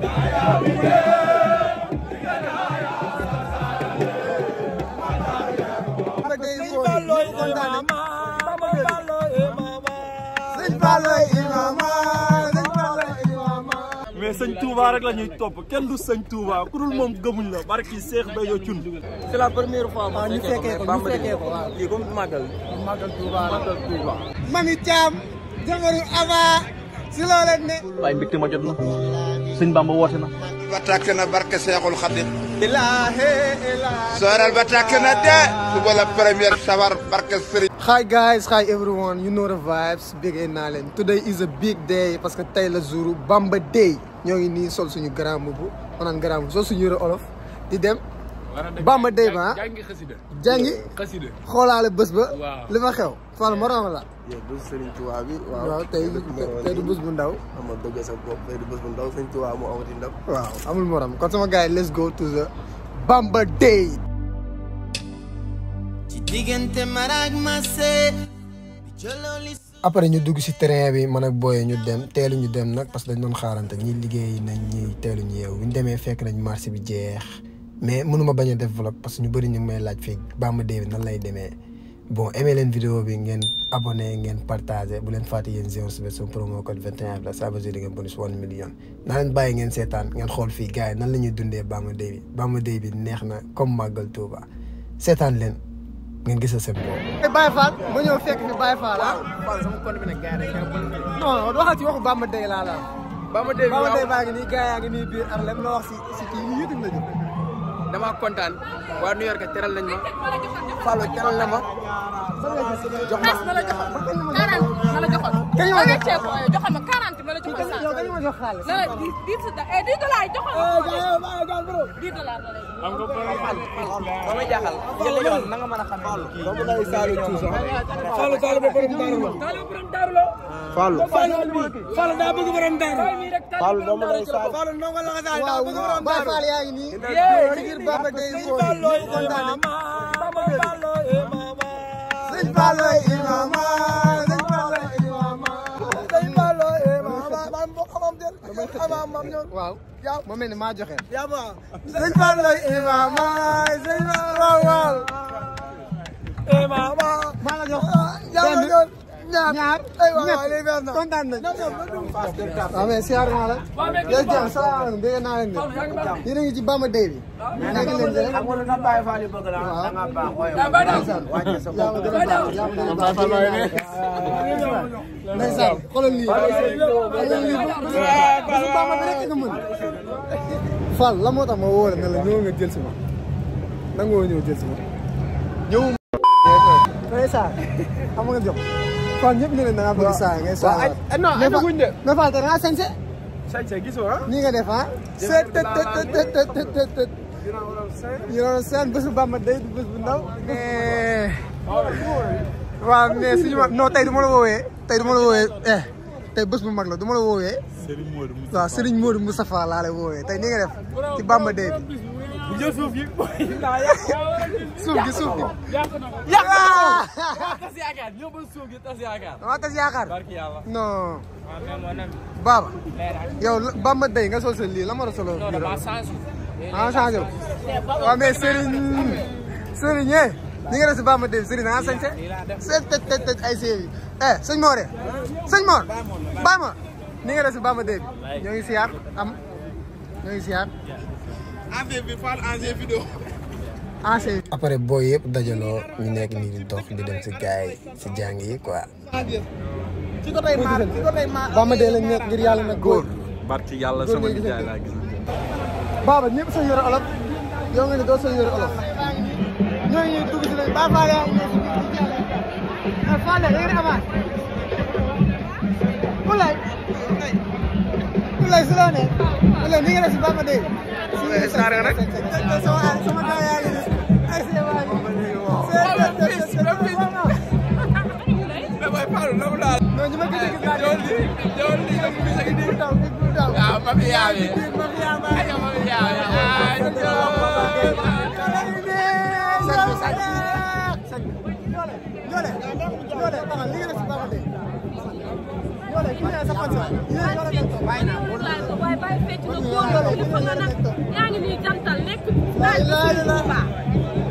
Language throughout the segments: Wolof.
mais sëñ Touba rek la ñuy kenn du sëñ Touba ku dul moom gëmuñ la barki Seex Béthio Thioune. c' la première fois. waaw ah, ñu fekkee ko ñu fekkee ko waaw kii Magal. Magal Touba Magal Touba. Mami Thiam. jabaru Ava si looleen ne. waaye mbégte ma jot na. sëñ Bamba woote na. ba tàkk na barke Seexul Xadim. sooral ba tàkk na suba la première safar barke Sëriñ. hi guys hi everyone you know the vibes bégee naa leen today is a big day parce que tey la jour Bamba day ñoo ngi nii sol suñu grand mbubb maanaam grand sol suñu yëre olof di dem. Bamba day ba ah? jàngi xasida jàngi xasida xoolaale bés ba li fa xew Fall moroom la yow bés Serigne Touba bi waaw tey tey du bés bu ndaw ama bëgg sa bopp tey du bés bu ndaw Serigne Touba mu awati ndaw waaw amul morom kon sama gars let's go to the Bamba day ci diggante maraag masé après ñu dugg si terrain bi man ak booyee ñu dem teelu ñu dem nag parce que dañ doon xaarante ñi liggéey nañ ñi teelu ñu yeew bu fekk nañ marché bi jeex mais mënuma bañ a def vlog parce que ñu bëri ñu ngi may laaj fii Bamba Day bi nan lay demee boo aimé leen vidéo bi ngeen abonné ngeen partagé bu leen fàtte yéen zéro sibet sama promo code 21 avril ça veut ngeen seetaan ngeen xool fii gars yi nan la ñuy dundee Bamba Day bi Bamba Day bi neex na comme màggal Touba seetaan leen ngeen gisal seen bopp. Baye Fall ma ñëw fekk fi Baye Fall ah? laa la Bamba Day baa ngi nii gars yaa ngi nii biir Arlem loo wax si si kii YouTube la ñu. damaa kontaan wa New York teral nañ ma Fallou teral na ma jox ma kañ ma jox joxal ma 40 ma la joxal 100 yow kañ ma jox xaalis. la 10 10 dollars joxal ma. am nga borom xaalis. ba ma jaaxal jëlee yoon na nga mën a xam. doomu lay Saalum Touche ah. Saalum Saalum ba borom daaru la. Fallou Fallou daa bëgg borom daaru. Fallou doomu lay Saalum. Fallou ndongo la nga daal daa bëgg borom daaru. Waaw Fall yaa ngi nii. Sëñ Bamba day kontaan. Sëñ Fallou imama. moom ñëw waaw yow moo mel ni maa joxe yaa ma sëñ Fall lay imaam maay sëñ Fall waaw waaw imaam maa la jox ah, ñaar ñaar ñett kontaan nañ. Ah, waaw mais siyaar naa la. yow jàmm salaamaaleykum dégg naa leen de. yéen a ngi ci Bamba Day bi. nekk leen de. amul na Baye Fall yu bëgg la da nga baax waaye ndeysaan xoolal lii xoolal lii bu Bamba bi rek nga mën. Fall la moo tax ma woo la ne la ñëw nga jël si ma. nangoo ñëw jël si ma. ñëw. ndeysaan am nga jox. kon ñëpp ñu ne da ngaa bëgg saa ngay saa non de. nga fàtte da ngaa sañse. sañse nii nga def ah. seet tët tët tët tët bu bàmba day bés bu ndaw. waaw mais ma non la woowee tey du ma la woowee eh tey bés bu mag la du ma la woowee. Serigne Modou Moustapha laa lay woowee tey nii nga def ci bàmba day jël suuf gi naa suuf gi iya. suuf gi. Iya. yàq na ko yàq na ko. tas yaakaar ñëw ba suuf gi tas yaakaar. waaw tas yaakaar. barki yàlla non. Baba. yow Bamba day nga sol sa lii la ma la solo. non damaa changé. ah changé waaw mais Serigne Serigne ñi nga def si Bamba day Serigne ah sañ se tëj tëj tëj ay séeréer eh sëñ Mor sëñ Mor Bamba ñi nga def si Bamba day ñoo ngi siyaar am ñoo ngi siyaar. affaire bi par ancien vidéo. ancien. après booy yëpp dajaloo ñu nekk nii di dox di dem si gars yi si jàng yi quoi. ci côté maar ci côté maar. Bamba dee la nekk ngir yàlla nag góor. barki yàlla sama nijaay laa gis. Baba ñëpp sa yore olof yow nga ne doo sa yore olof. ñooñu dugg si lañ Ba Fall yaa ngi ñëw si biir si Jalle. Eh, Fall da ngeen di avancé. si loo ne. léegi ni nga def si si saa rek rek. sama sama taw yaa ngi nii. ay see waa ngi. see non ñu ma gis gis naa leen. jaww ji jaww ji jaww ji. bu taw bi bu taw. waaw mafia bàyyi fecc na góor nga kilifa nga nag yaa ngi nii jantal lekk daal di suñu Touba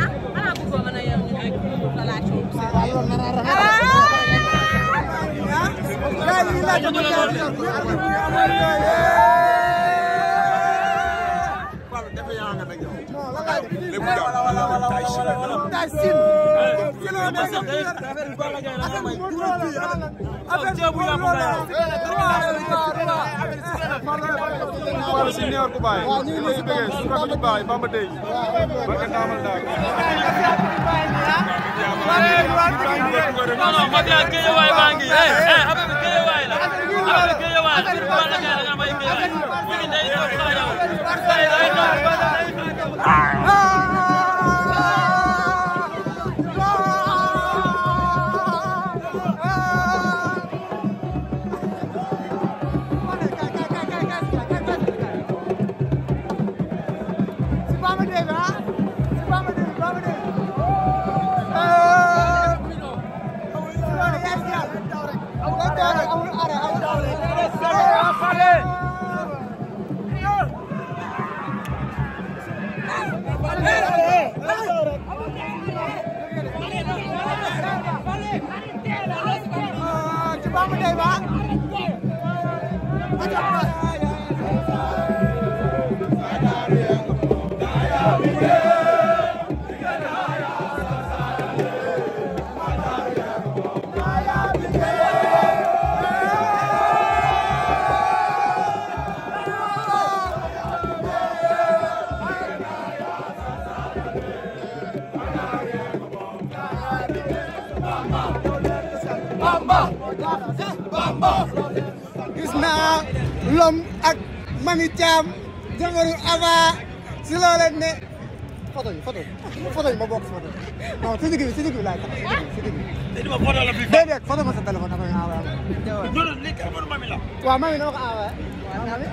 ah xanaa bëggoo mën a yor ñu ay relation bu seen ah Taï Sine. waaw si neer ku bàyyi. waaw ñu ngi lay bëggee su rafet bi bàyyi Bamba Dey. ba nga naamal daal. non non Mafia Guédiawaye baa ngi. affaire Guédiawaye la. affaire Guédiawaye la. biir Balla Gaye la nga may Guédiawaye. ñu ngi lay toog xaaral. Ah! bên đây bạn gis naa lom ak mami Thiam jabaru Ava si loo leen ne photo yi photo yi photo yi ma bokk photo yi non si digg bi si digg bi laay tax si digg bi déedéet photo ma sa téléphone dafay envoyé non non léegi numéro mami la waaw mami dama ko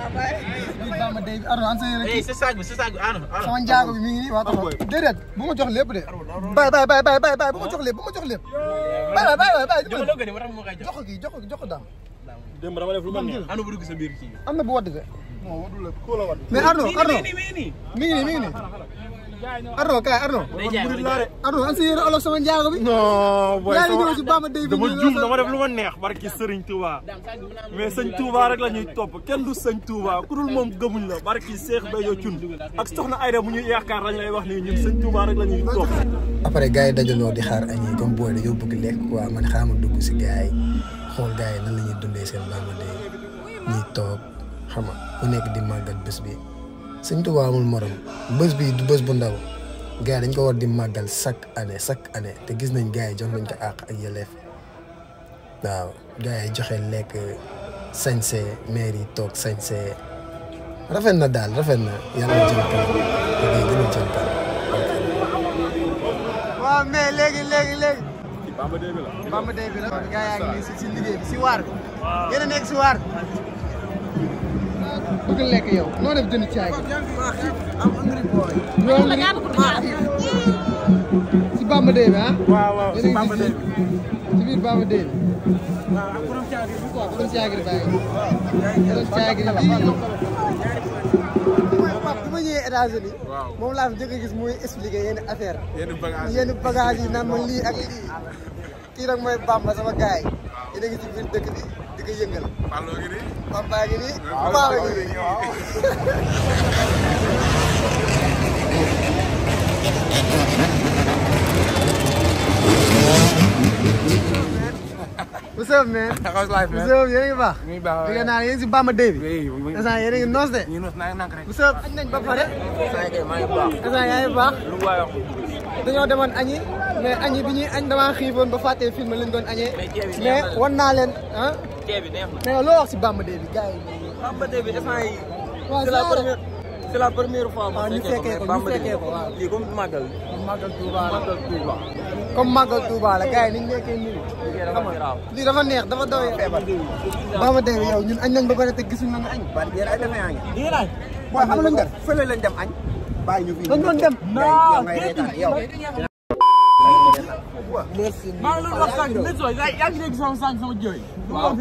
envoyé dama day arno an sa yére eh c'est ça bi c'est ça bi arno sama njaago bi mi ngi nii waa taxaw déedéet bu ma jox lépp de bay bay bay bay bay bu ma jox lépp bu ma jox lépp bay bay bay bay jox ko kii jox ko jox ko daam démb dama def lu ma neex ana bu dugg sa biir kii am na bu wadd de non waddu la ko la wadd mais Ardo Ardo mi ngi nii mi ngi nii Ardo kay Ardo Ardo an sa yéene olof sama njaago bi non boy yaa ngi ñëw ci Bamba day bi dama juum dama def lu ma neex barki Serigne Touba mais Serigne Touba rek la ñuy topp kenn du Serigne Touba ku dul moom gëmuñ la barki Cheikh Béthio Thioune ak soxna Aïda mu ñuy yaakaar lañ lay wax nii ñun Serigne Touba rek la ñuy topp après gars xool gars yi nan la dundee seen bamade ñuy toog xama ku nekk di màggal bés bi sëñ Tuubaa amul morom bés bi du bés bu ndaw gars yi dañ ko war di màggal chaque année chaque année te gis nañ gaa yi jox nañ ko àq ak yelleef waaw gars yi joxe lekk sañse maire toog sañse rafet na daal rafet na yàlla jëm kanam gën a waaw mais léegi Bamba Day bi la. Bamba Day bi la gaa yaa ngi si liggéey bi si waar bi. waaw yéen a nekk si waar bi. bëgg lekk yow. noo def jënd caay gi. am angry boy. si Bamba Day bi ah. waaw waaw si Bamba Day bi. si biir Bamba Day bi. waaw borom caay gi quoi borom caay gi bàyyi borom caay gi waaw xam nga bu ma ñëwee États-Unis. moom laa fi njëkk a gis muy expliquer yenn affaire yenn bagage yi naan ma lii ak lii. kii nag mooy Bamba sama gars yi. waaw yéen a ngi ci biir dëkk bi di ko yëngal. Palla ngi nii. Bamba ngi nii. Palla ngi nii waaw. What's up man? How's life man? What's up yéen a ngi baax. ñu ngi baax waaw naa yéen si Bamba Day bi. instant yéen a ngi noos de. ñu noos naa ngi nànk rek. What's up añ nañ ba pare. yaa ngi baax. lu waay wax. dañoo demoon añi mais añi bi ñuy añ damaa xiifoon ba fàttee film lañ doon añee. mais wan naa leen ah. kii bi neex na mais loo wax si Bamba Day bi gars yi. Bamba yi. waaw c'est la première c'est la première fois. waaw ah, ñu fekkee ko comme Magal. comme Magal la Magal Touba. niñ nekkee nii. lii dafa neex dafa doy feebar. Bamba Day bi yow ñun añ nañ ba pare te gisuñ nañ añ. bari yéen ay demee añ. lii lañ. mooy xam lañ def fële lañ añ. bàyyi ñu fi ñu dem yow merci maa ngi wax sànq nit soo yaa ngi dégg sama sànq sama jooy waaw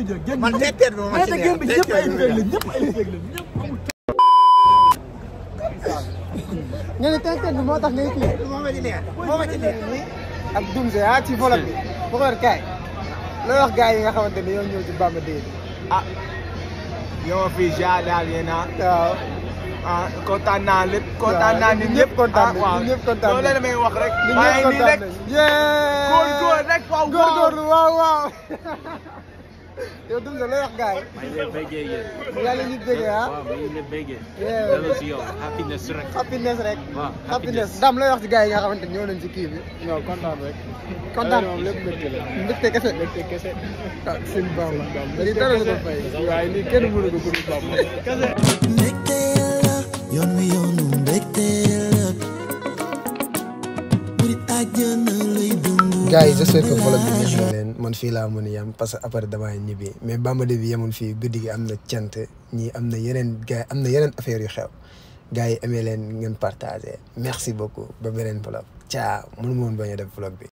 man netteer bi ma ci génn ñëpp ay la ñëpp ay la ñëpp amul nga ne tey bi moo tax ngay kii moo ma ci neex moo ma ci neex ak Dumse ah ci volop bi Bokar kaay looy wax gars yi nga xamante ne yow ñëw ci Bamba Day ah yow fi ja daal yéen waaw ah kontaan naa lépp kontaan naa nit ñëpp kontaan ah, waaw ñëpp kontaan loolu la may wax rek. maa ngi nii rek góor-góor rek waaw góor-góor waaw waaw. yow dum na lay wax gars yi. maa ngi lay béggee yéen. yàlla ñu déggee ah. waaw maa ngi lay béggee. delloo si yow happiness rek. happiness rek. waaw happiness dam lay wax ci gars yi nga xamante ni ñëw nañ ci kii bi. non kontaan rek. kontaan moom lépp mbégte la. mbégte kese. mbégte kese. ah sëñ Bamba. mbégte kese waaye lii kenn mënu ko gën a Bamba. yoon wi yoonu mbégte yi j'espère que vlog bi neex na leen man fii laa mën a yem parce que après damay ñibbi mais bambade bi yemul fii guddi gi am na cant ñi am na yeneen gars am na yeneen affaire yu xew gars yi amee leen ngeen partagé merci beaucoup ba beneen vlog caa mënu moon bañ a def vlog bi